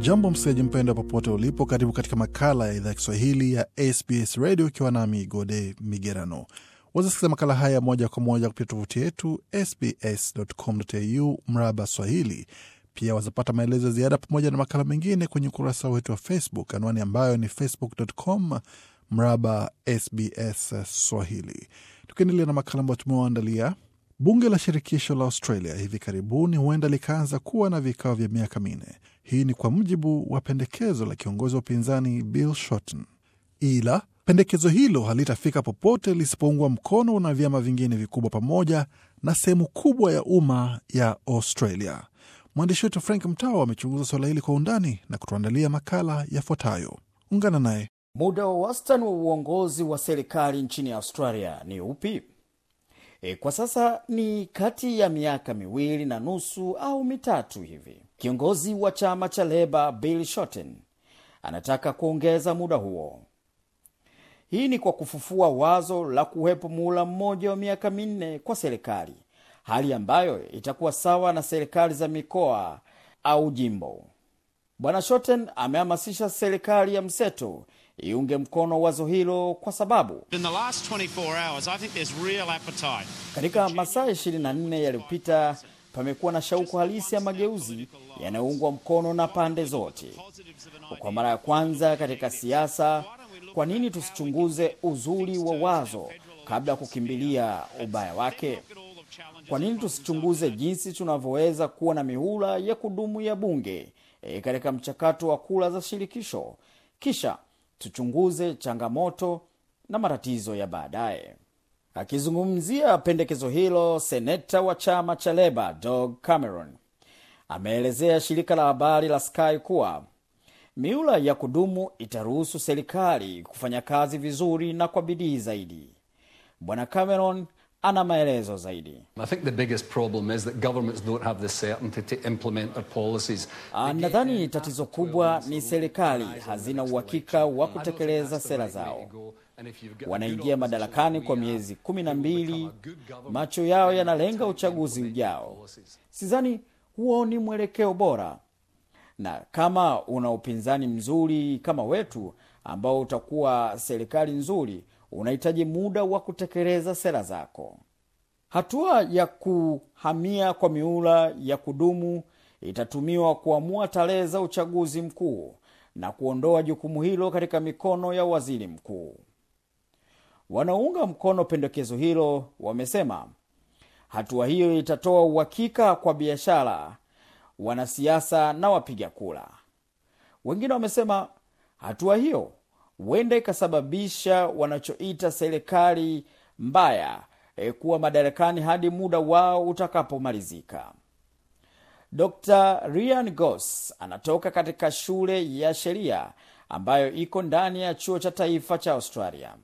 Jambo mseji mpenda popote ulipo, karibu katika makala ya idhaa ya Kiswahili ya SBS Radio ukiwa nami Gode Migerano. Wazasikiza makala haya moja kwa moja kupitia tovuti yetu sbs.com.au mraba Swahili. Pia wazapata maelezo ya ziada pamoja na makala mengine kwenye ukurasa wetu wa Facebook, anwani ambayo ni facebook.com mraba SBS Swahili. Tukiendelea na makala ambayo tumewaandalia Bunge la shirikisho la Australia hivi karibuni huenda likaanza kuwa na vikao vya miaka minne. Hii ni kwa mujibu wa pendekezo la kiongozi wa upinzani Bill Shorten, ila pendekezo hilo halitafika popote lisipoungwa mkono na vyama vingine vikubwa pamoja na sehemu kubwa ya umma ya Australia. Mwandishi wetu Frank Mtawa amechunguza suala hili kwa undani na kutuandalia makala yafuatayo. Ungana naye. Muda wa wastani wa uongozi wa serikali nchini Australia ni upi? E, kwa sasa ni kati ya miaka miwili na nusu au mitatu hivi. Kiongozi wa chama cha Leba Bill Shorten anataka kuongeza muda huo. Hii ni kwa kufufua wazo la kuwepo muula mmoja wa miaka minne kwa serikali, hali ambayo itakuwa sawa na serikali za mikoa au jimbo. Bwana Shorten amehamasisha serikali ya mseto iunge mkono wazo hilo kwa sababu katika masaa 24 yaliyopita pamekuwa na shauku halisi ya mageuzi yanayoungwa mkono na pande zote. Kwa mara ya kwanza katika siasa, kwa nini tusichunguze uzuri wa wazo kabla ya kukimbilia ubaya wake? Kwa nini tusichunguze jinsi tunavyoweza kuwa na mihula ya kudumu ya bunge e, katika mchakato wa kura za shirikisho kisha tuchunguze changamoto na matatizo ya baadaye akizungumzia pendekezo hilo seneta wa chama cha leba dog cameron ameelezea shirika la habari la sky kuwa miula ya kudumu itaruhusu serikali kufanya kazi vizuri na kwa bidii zaidi bwana cameron ana maelezo zaidi. Ah, nadhani tatizo kubwa ni serikali hazina uhakika wa kutekeleza sera zao. Wanaingia madarakani kwa miezi kumi na mbili, macho yao yanalenga uchaguzi ujao. Sidhani huo ni mwelekeo bora, na kama una upinzani mzuri kama wetu ambao utakuwa serikali nzuri unahitaji muda wa kutekeleza sera zako. Hatua ya kuhamia kwa miula ya kudumu itatumiwa kuamua tarehe za uchaguzi mkuu na kuondoa jukumu hilo katika mikono ya waziri mkuu. Wanaounga mkono pendekezo hilo wamesema hatua hiyo itatoa uhakika kwa biashara, wanasiasa na wapiga kula Wengine wamesema hatua hiyo huenda ikasababisha wanachoita serikali mbaya e, kuwa madarakani hadi muda wao utakapomalizika. Dr Ryan Gos anatoka katika shule ya sheria ambayo iko ndani ya chuo cha taifa cha Australia.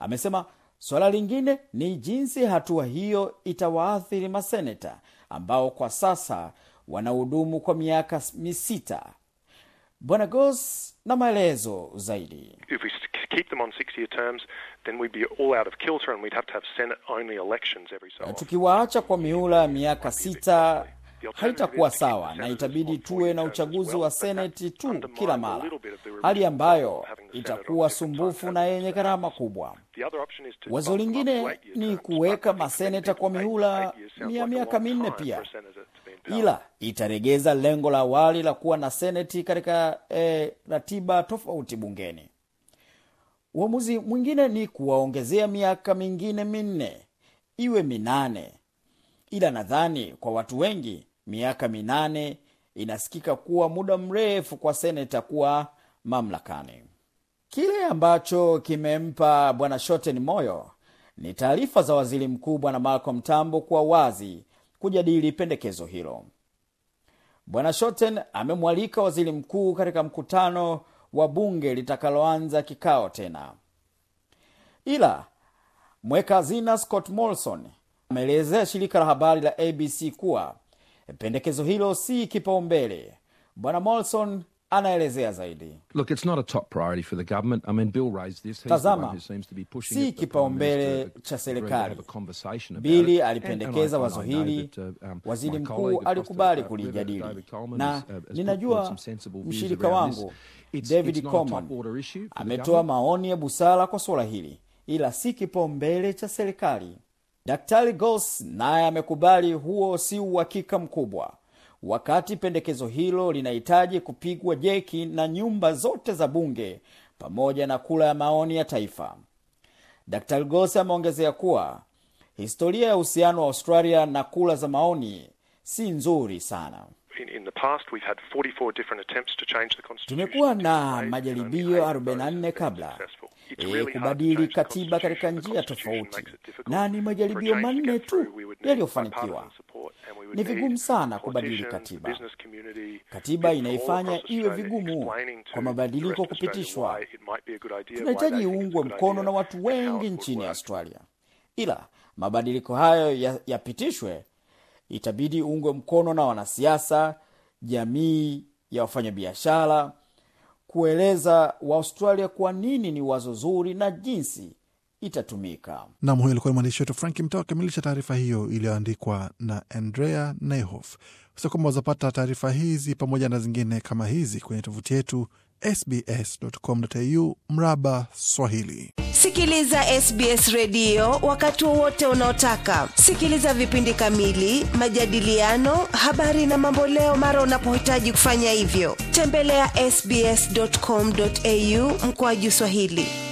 Amesema suala lingine ni jinsi hatua hiyo itawaathiri maseneta ambao kwa sasa wanahudumu kwa miaka misita. Bwana Gos na maelezo zaidi. Tukiwaacha kwa miula ya miaka sita haitakuwa sawa na itabidi tuwe na uchaguzi wa seneti tu kila mara, hali ambayo itakuwa sumbufu na yenye gharama kubwa. Wazo lingine ni kuweka maseneta kwa mihula ya miaka minne pia, ila itaregeza lengo la awali la kuwa na seneti katika eh, ratiba tofauti bungeni. Uamuzi mwingine ni kuwaongezea miaka mingine minne iwe minane, ila nadhani kwa watu wengi miaka minane inasikika kuwa muda mrefu kwa seneta kuwa mamlakani. Kile ambacho kimempa bwana Shoten moyo ni taarifa za waziri mkuu bwana Malcolm Tambo kuwa wazi kujadili pendekezo hilo. Bwana Shoten amemwalika waziri mkuu katika mkutano wa bunge litakaloanza kikao tena, ila mweka zina Scott Morrison ameelezea shirika la habari la ABC kuwa pendekezo hilo si kipaumbele. Bwana Morrison anaelezea zaidi. Look, it's not a top priority for the government. I mean, Bill raised this. He's Tazama, the who seems to be pushing si kipaumbele cha serikali. Bili alipendekeza wazo hili, uh, um, waziri mkuu alikubali uh, kulijadili, na uh, ninajua mshirika wangu David Coman ametoa maoni ya busara kwa suala hili, ila si kipaumbele cha serikali. Daktari Gos naye amekubali huo si uhakika mkubwa wakati pendekezo hilo linahitaji kupigwa jeki na nyumba zote za bunge pamoja na kula ya maoni ya taifa. Dr Gose ameongezea kuwa historia ya uhusiano wa Australia na kula za maoni si nzuri sana. Tumekuwa na majaribio 44 kabla e, kubadili katiba katika njia tofauti, na ni majaribio manne tu yaliyofanikiwa ni vigumu sana kubadili katiba. Katiba inaifanya iwe vigumu kwa mabadiliko kupitishwa. Tunahitaji iungwe mkono na watu wengi nchini Australia, ila mabadiliko hayo yapitishwe ya itabidi uungwe mkono na wanasiasa, jamii ya wafanyabiashara, kueleza Waaustralia kwa nini ni wazo zuri na jinsi itatumika. Nam, huyo alikuwa ni mwandishi wetu Frank Mtao akamilisha taarifa hiyo iliyoandikwa na Andrea Nehof. Sio kwamba wazapata taarifa hizi pamoja na zingine kama hizi kwenye tovuti yetu sbs.com.au mraba Swahili. Sikiliza SBS redio wakati wowote unaotaka. Sikiliza vipindi kamili, majadiliano, habari na mamboleo mara unapohitaji kufanya hivyo. Tembelea ya sbs.com.au mkoaju Swahili.